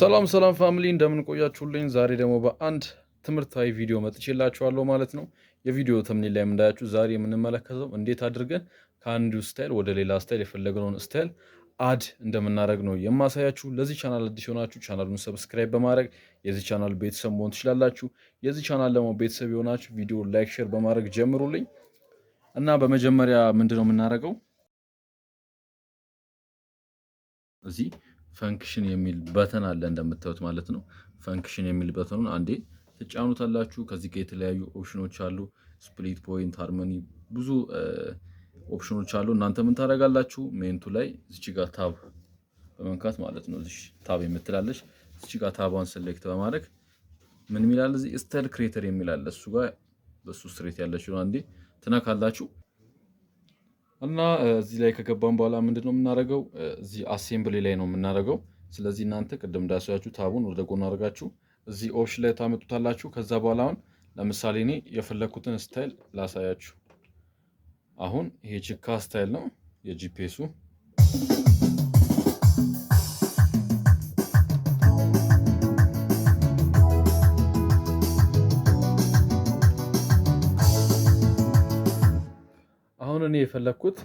ሰላም ሰላም ፋሚሊ እንደምን ቆያችሁልኝ? ዛሬ ደግሞ በአንድ ትምህርታዊ ቪዲዮ መጥቼላችኋለሁ ማለት ነው። የቪዲዮ ተምኔል ላይ እንዳያችሁ ዛሬ የምንመለከተው እንዴት አድርገን ከአንዱ ስታይል ወደ ሌላ ስታይል የፈለግነውን ስታይል አድ እንደምናደረግ ነው የማሳያችሁ። ለዚህ ቻናል አዲስ የሆናችሁ ቻናሉን ሰብስክራይብ በማድረግ የዚህ ቻናል ቤተሰብ መሆን ትችላላችሁ። የዚህ ቻናል ደግሞ ቤተሰብ የሆናችሁ ቪዲዮ ላይክ፣ ሼር በማድረግ ጀምሩልኝ እና በመጀመሪያ ምንድነው የምናደረገው የምናደርገው እዚህ ፈንክሽን የሚል በተን አለ እንደምታዩት ማለት ነው። ፈንክሽን የሚል በተኑን አንዴ ትጫኑታላችሁ። ከዚህ ጋር የተለያዩ ኦፕሽኖች አሉ። ስፕሊት ፖይንት፣ ሃርመኒ ብዙ ኦፕሽኖች አሉ። እናንተ ምን ታደርጋላችሁ? ሜንቱ ላይ እዚች ጋር ታብ በመንካት ማለት ነው። እዚሽ ታብ የምትላለች እዚች ጋር ታቧን ሴሌክት በማድረግ ምን የሚላል እዚህ ስተል ክሬተር የሚላለ እሱ ጋር በሱ ስትሬት ያለችው አንዴ ትነካላችሁ። እና እዚህ ላይ ከገባን በኋላ ምንድን ነው የምናደርገው? እዚህ አሴምብሊ ላይ ነው የምናደርገው። ስለዚህ እናንተ ቅድም እንዳሳያችሁ ታቡን ወደ ጎን አድርጋችሁ እዚህ ኦፕሽን ላይ ታመጡታላችሁ። ከዛ በኋላ አሁን ለምሳሌ እኔ የፈለግኩትን ስታይል ላሳያችሁ። አሁን ይሄ ችካ ስታይል ነው የጂፒኤሱ ለምን የፈለግኩት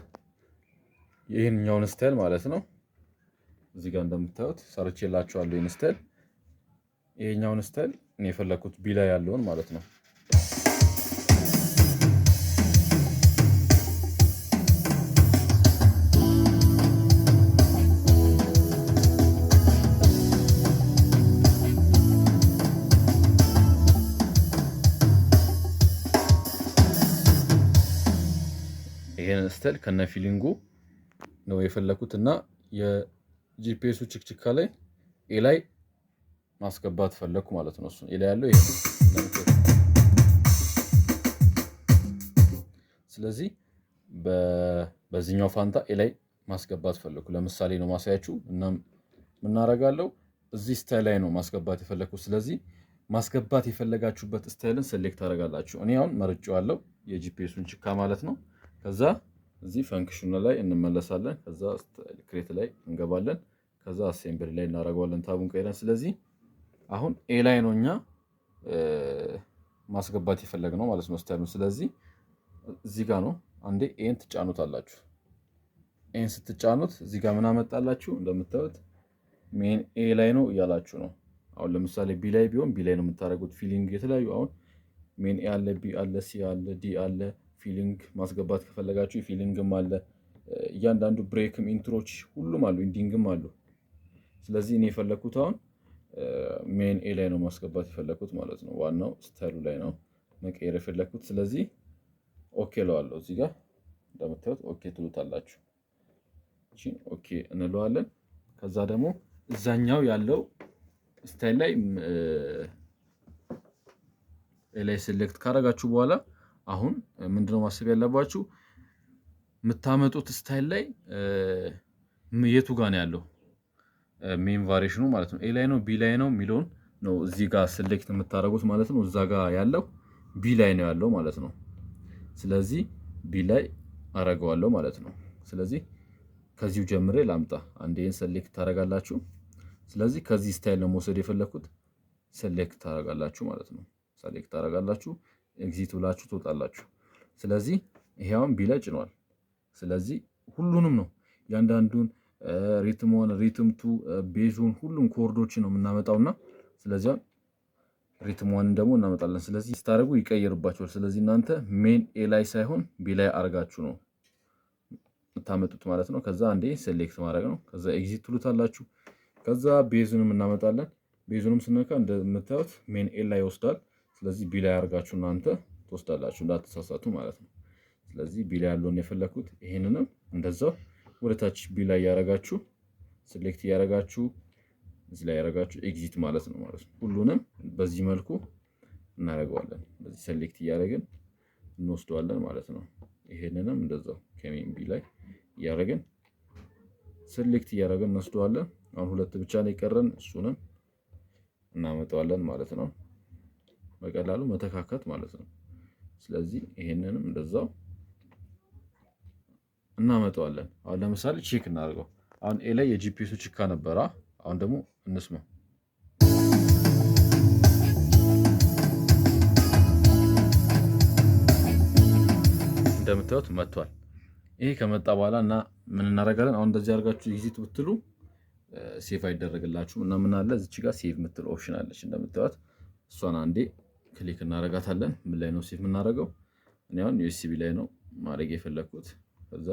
ይህንኛውን ስታይል ማለት ነው። እዚህ ጋር እንደምታዩት ሰርቼላችኋለሁ ይህን ስታይል። ይህኛውን ስታይል እኔ የፈለግኩት ቢላ ያለውን ማለት ነው። ይሄን ስተል ከነ ፊሊንጉ ነው የፈለኩት እና የጂፒኤሱ ችክችካ ላይ ኤ ላይ ማስገባት ፈለኩ ማለት ነው። እሱ ኤ ላይ ያለው ይሄ ስለዚህ በዚህኛው ፋንታ ኤ ላይ ማስገባት ፈለኩ። ለምሳሌ ነው ማሳያችሁ። እናም ምናረጋለው እዚህ ስታይል ላይ ነው ማስገባት የፈለኩ። ስለዚህ ማስገባት የፈለጋችሁበት ስታይልን ሴሌክት ታደርጋላችሁ። እኔ አሁን መርጬዋለሁ የጂፒኤሱን ችካ ማለት ነው። ከዛ እዚህ ፈንክሽኑ ላይ እንመለሳለን። ከዛ ክሬት ላይ እንገባለን። ከዛ አሴምብሊ ላይ እናደርገዋለን ታቡን ቀይረን። ስለዚህ አሁን ኤ ላይ ነው እኛ ማስገባት የፈለግ ነው ማለት ነው ስታይሉን። ስለዚህ እዚህ ጋር ነው አንዴ ኤን ትጫኑት አላችሁ። ኤን ስትጫኑት እዚህ ጋር ምን አመጣላችሁ እንደምታዩት ሜን ኤ ላይ ነው እያላችሁ ነው። አሁን ለምሳሌ ቢ ላይ ቢሆን ቢ ላይ ነው የምታደርጉት ፊሊንግ የተለያዩ አሁን ሜን ኤ አለ፣ ቢ አለ፣ ሲ አለ፣ ዲ አለ ፊሊንግ ማስገባት ከፈለጋችሁ ፊሊንግም አለ። እያንዳንዱ ብሬክም፣ ኢንትሮች ሁሉም አሉ፣ ኢንዲንግም አሉ። ስለዚህ እኔ የፈለግኩት አሁን ሜን ኤ ላይ ነው ማስገባት የፈለግኩት ማለት ነው። ዋናው ስታይሉ ላይ ነው መቀየር የፈለግኩት። ስለዚህ ኦኬ ለዋለሁ እዚህ ጋር እንደምታዩት ኦኬ ትሉታላችሁ። ኦኬ እንለዋለን። ከዛ ደግሞ እዛኛው ያለው ስታይል ላይ ላይ ሴሌክት ካረጋችሁ በኋላ አሁን ምንድነው ማሰብ ያለባችሁ የምታመጡት ስታይል ላይ የቱ ጋ ነው ያለው ሜን ቫሪሽኑ ማለት ነው። ኤ ላይ ነው ቢ ላይ ነው የሚለውን ነው እዚህ ጋር ሴሌክት የምታደርጉት ማለት ነው። እዛ ጋር ያለው ቢ ላይ ነው ያለው ማለት ነው። ስለዚህ ቢ ላይ አረገዋለሁ ማለት ነው። ስለዚህ ከዚሁ ጀምሬ ላምጣ። አንዴን ሴሌክት ታደርጋላችሁ። ስለዚህ ከዚህ ስታይል ነው መውሰድ የፈለግኩት። ሴሌክት ታደርጋላችሁ ማለት ነው። ሴሌክት ታደርጋላችሁ ኤግዚት ብላችሁ ትወጣላችሁ። ስለዚህ ይሄውን ቢለ ጭኗል። ስለዚህ ሁሉንም ነው እያንዳንዱን ሪትም ሪትም ሪትምቱ ቤዙን ሁሉም ኮርዶችን ነው የምናመጣውና ስለዚህ ሪትም ዋንን ደግሞ እናመጣለን። ስለዚህ ስታደርጉ ይቀየርባችኋል። ስለዚህ እናንተ ሜን ኤ ላይ ሳይሆን ቢ ላይ አድርጋችሁ ነው የምታመጡት ማለት ነው። ከዛ አንዴ ሴሌክት ማድረግ ነው። ከዛ ኤግዚት ትሉታላችሁ። ከዛ ቤዙንም እናመጣለን። ቤዙንም ስነካ እንደምታዩት ሜን ኤ ላይ ይወስዳል። ስለዚህ ቢ ላይ እናንተ ትወስዳላችሁ እንዳትሳሳቱ ማለት ነው። ስለዚህ ቢ ላይ ያለውን የፈለግኩት ይህንንም እንደዛው ወደታች ቢ ላይ ያረጋችሁ ሴሌክት እያረጋችሁ እዚህ ላይ ያረጋችሁ ኤግዚት ማለት ነው ማለት ነው። ሁሉንም በዚህ መልኩ እናደርገዋለን። በዚህ ሴሌክት እያደረግን እንወስደዋለን ማለት ነው። ይሄንንም እንደዛው ከሜን ቢ ላይ እያደረግን ሴሌክት እያደረግን እንወስደዋለን። አሁን ሁለት ብቻ ነው የቀረን፣ እሱንም እናመጣዋለን ማለት ነው። በቀላሉ መተካከት ማለት ነው። ስለዚህ ይሄንንም እንደዛው እናመጣዋለን። አሁን ለምሳሌ ቼክ እናደርገው። አሁን ኤ ላይ የጂፒኤሱ ችካ ነበረ። አሁን ደግሞ እንስማ። እንደምታዩት መጥቷል። ይሄ ከመጣ በኋላ እና ምን እናደርጋለን? አሁን እንደዚህ አድርጋችሁ ይዚት ብትሉ ሴፍ አይደረግላችሁም እና ምን አለ እዚች ጋር ሴቭ ምትል ኦፕሽን አለች እንደምታዩት እሷን አንዴ ክሊክ እናረጋታለን። ምን ላይ ነው ሴፍ የምናደርገው? እኔ አሁን ዩኤስቢ ላይ ነው ማድረግ የፈለግኩት። ከዛ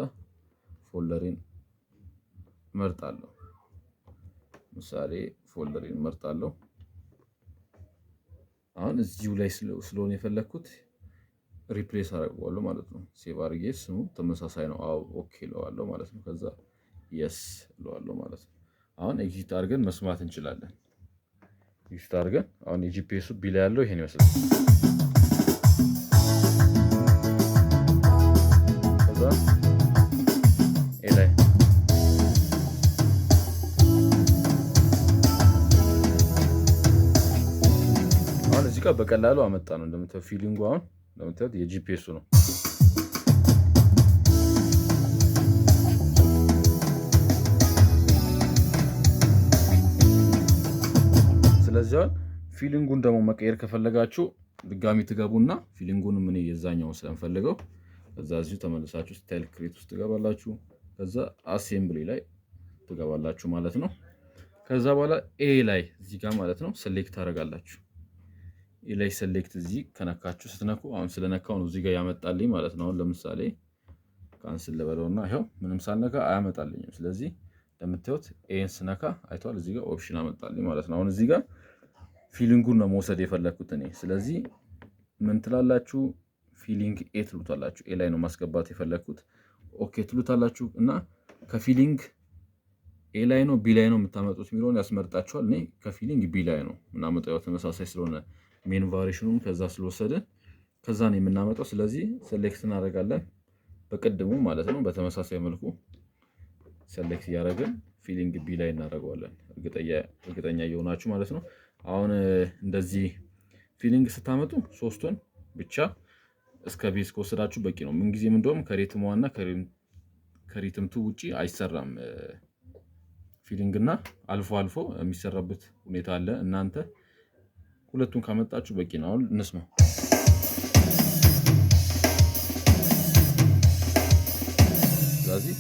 ፎልደሪን መርጣለሁ። ምሳሌ ፎልደሪን መርጣለሁ። አሁን እዚሁ ላይ ስለሆነ የፈለግኩት ሪፕሌስ አደርገዋለሁ ማለት ነው። ሴቭ አድርጌ ስሙ ተመሳሳይ ነው። አዎ ኦኬ እለዋለሁ ማለት ነው። ከዛ የስ እለዋለሁ ማለት ነው። አሁን ኤግዚት አድርገን መስማት እንችላለን። ዩስት አድርገን አሁን የጂፒኤሱ ቢላ ያለው ይሄን ይመስላል። አሁን እዚህ ጋር በቀላሉ አመጣ ነው እንደምታዩት ፊሊንጉ አሁን እንደምታዩት የጂፒኤሱ ነው። ስለዚያውን ፊሊንጉን ደግሞ መቀየር ከፈለጋችሁ ድጋሚ ትገቡና ፊሊንጉን ምን የዛኛውን ስለምፈልገው ከዛ እዚሁ ተመልሳችሁ ስታይል ክሬት ውስጥ ትገባላችሁ። ከዛ አሴምብሊ ላይ ትገባላችሁ ማለት ነው። ከዛ በኋላ ኤ ላይ እዚህ ጋር ማለት ነው ሴሌክት ታደርጋላችሁ። ኤ ላይ ሴሌክት እዚህ ከነካችሁ ስትነኩ፣ አሁን ስለነካው ነው እዚህ ጋር ያመጣልኝ ማለት ነው። አሁን ለምሳሌ ካንስል ልበለውና ይኸው ምንም ሳልነካ አያመጣልኝም። ስለዚህ እንደምታዩት ኤን ስነካ አይተዋል፣ እዚህ ጋር ኦፕሽን አመጣልኝ ማለት ነው። አሁን እዚህ ጋር ፊሊንጉን ነው መውሰድ የፈለግኩት እኔ። ስለዚህ ምን ትላላችሁ? ፊሊንግ ኤ ትሉታላችሁ። ኤ ላይ ነው ማስገባት የፈለግኩት። ኦኬ ትሉታላችሁ እና ከፊሊንግ ኤ ላይ ነው ቢ ላይ ነው የምታመጡት የሚለውን ያስመርጣችኋል። እኔ ከፊሊንግ ቢ ላይ ነው የምናመጣው ተመሳሳይ ስለሆነ ሜን ቫሪሽኑም ከዛ ስለወሰደ ከዛ ነው የምናመጣው። ስለዚህ ሴሌክት እናደርጋለን በቅድሙ ማለት ነው። በተመሳሳይ መልኩ ሴሌክት እያደረግን ፊሊንግ ቢ ላይ እናደርገዋለን። እርግጠኛ እየሆናችሁ ማለት ነው። አሁን እንደዚህ ፊሊንግ ስታመጡ ሶስቱን ብቻ እስከ ቤዝ ከወሰዳችሁ በቂ ነው። ምንጊዜም እንደውም ከሬትም ዋና ከሬትምቱ ውጪ አይሰራም ፊሊንግ እና አልፎ አልፎ የሚሰራበት ሁኔታ አለ። እናንተ ሁለቱን ካመጣችሁ በቂ ነው። አሁን እንስማው። ስለዚህ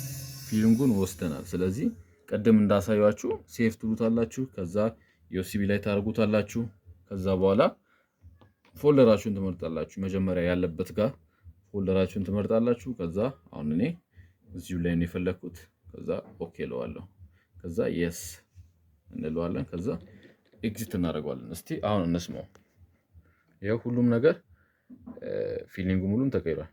ፊሊንጉን ወስደናል። ስለዚህ ቅድም እንዳሳያችሁ ሴፍ ትሉታላችሁ ከዛ ዩኤስቢ ላይ ታደርጉታላችሁ። ከዛ በኋላ ፎልደራችሁን ትመርጣላችሁ። መጀመሪያ ያለበት ጋር ፎልደራችሁን ትመርጣላችሁ። ከዛ አሁን እኔ እዚሁ ላይ ነው የፈለግኩት። ከዛ ኦኬ እለዋለሁ። ከዛ የስ እንለዋለን። ከዛ ኤግዚት እናደርገዋለን። እስቲ አሁን እንስማው። ይኸው ሁሉም ነገር ፊሊንግ ሙሉም ተቀይሯል።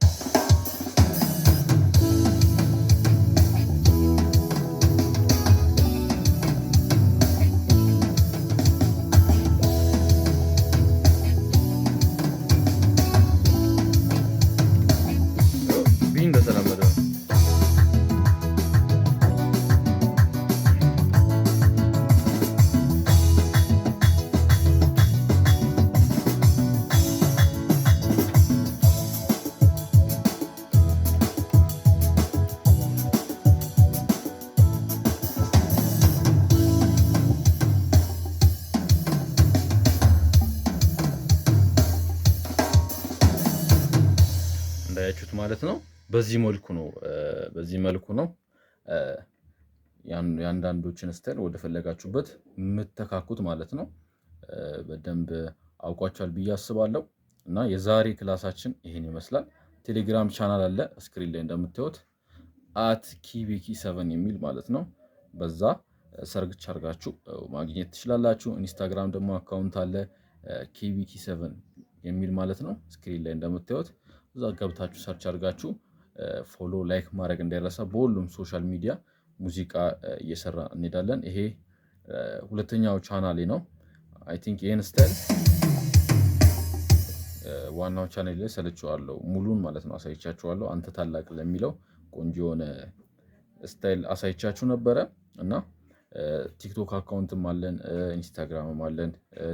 እንዳያችሁት ማለት ነው። በዚህ መልኩ ነው በዚህ መልኩ ነው የአንዳንዶችን ስታይል ወደ ፈለጋችሁበት የምተካኩት ማለት ነው። በደንብ አውቋቸዋል ብዬ አስባለሁ። እና የዛሬ ክላሳችን ይህን ይመስላል። ቴሌግራም ቻናል አለ ስክሪን ላይ እንደምታዩት አት ኪቢኪ ሰቨን የሚል ማለት ነው። በዛ ሰርግች አርጋችሁ ማግኘት ትችላላችሁ። ኢንስታግራም ደግሞ አካውንት አለ ኪቢኪ ሰቨን የሚል ማለት ነው። ስክሪን ላይ እንደምታዩት እዛ ገብታችሁ ሰርች አድርጋችሁ ፎሎ ላይክ ማድረግ እንዳይረሳ። በሁሉም ሶሻል ሚዲያ ሙዚቃ እየሰራ እንሄዳለን። ይሄ ሁለተኛው ቻናሌ ነው። አይ ቲንክ ይህን ስታይል ዋናው ቻናሌ ላይ ሰለችዋለሁ፣ ሙሉን ማለት ነው አሳይቻችኋለሁ። አንተ ታላቅ ለሚለው ቆንጆ የሆነ ስታይል አሳይቻችሁ ነበረ እና ቲክቶክ አካውንትም አለን፣ ኢንስታግራምም አለን፣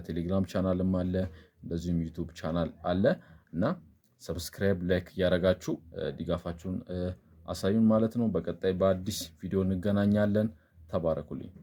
ቴሌግራም ቻናልም አለ፣ እንደዚሁም ዩቱብ ቻናል አለ እና ሰብስክራይብ፣ ላይክ እያደረጋችሁ ድጋፋችሁን አሳዩን ማለት ነው። በቀጣይ በአዲስ ቪዲዮ እንገናኛለን። ተባረኩልኝ።